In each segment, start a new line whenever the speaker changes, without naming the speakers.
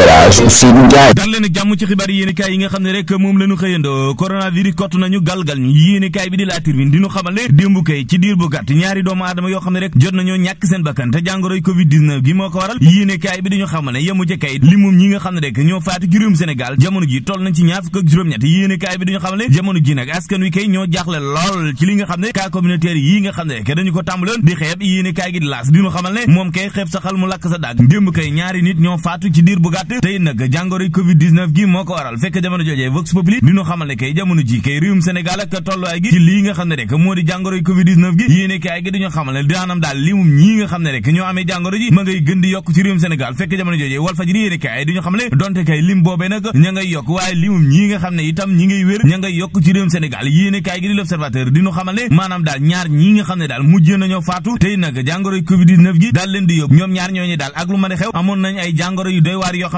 Elhadji Ousseynou Ndiaye dal leen jàmm ci xibaar yéenekaay yi nga xam ne rek moom la xëyandoo coronavirus kott nañu galgal ñu yéenekaay bi di xam ne di xeeb yéenekaay gi di laas di xamal ne moom kay xeeb sa mu lakk sa daag démb kay ñaari nit ñoo faatu ci diir bu gàtt gàtt tey nag jàngoroy covid 19 gi moo ko waral fekk jamono joojee vox populi di xamal ne kay jamono ji kay réewum Sénégal ak tolluwaay gi ci lii nga xam ne daal li nga xam ne daal mujj nañoo faatu tey nag jàngoroy covid gi daal di yóbbu ñoom ñaar ñooñu daal ak lu mën a xew amoon nañ ay jàngoro yu doy waar yoo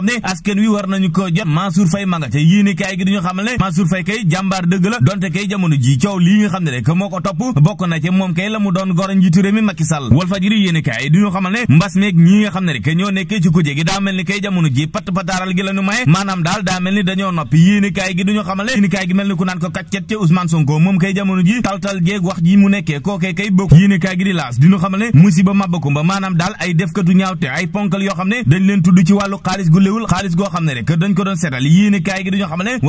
xam ne askan wi war nañu ko jot Mansour Faye ma nga gi duñu xamal ne Mansour Faye kay jàmbaar dëgg la donte kay jamono ji coow lii nga xam ne rek moo ko topp bokk na ca moom kay la mu doon goro njiitu réew mi Macky Sall Walfadjri yéene duñu xamal ne mbas meeg ñi nga xam ne rek ñoo nekkee ci kujje gi daa mel ni kay jamono ji pataaral gi la maye maanaam daal daa mel ni dañoo noppi yéene gi duñu xamal ne yéene gi mel ni ku naan ko kàccet fulewul xaalis goo xam ne rek dañ ko doon seetal yéene kay gi dañu xamal ne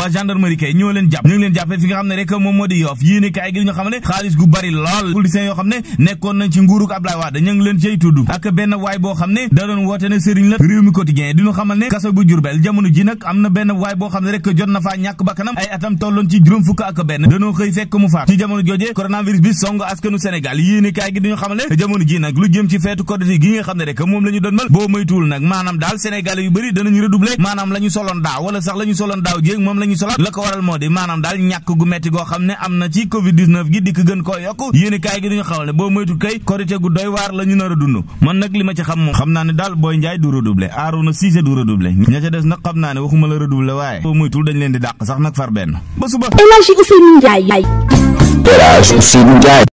kaso ji nag lu jëm ci feetu Korité gi nga xam ne rek moom la doon mal boo moytuwul nag maanaam daal Sénégal yu bari danañu redoubler maanaam la soloon daaw wala sax la soloon daaw jéeg moom la ñu la ko waral moo di maanaam daal ñàkk gu metti goo xam ne am na ci covid gi dikk gën koo yokk yéen i gi duñu xamal ne boo moytu kay korite gu doy waar la ñu nar man nag li ma ci xam moom xam naa ne daal booy njaay du redoubler aaruna siise du redoubler ña ca des nag xam naa ne waxuma la redoubler waaye boo moytul dañ leen di dàq sax nag far benn ba suba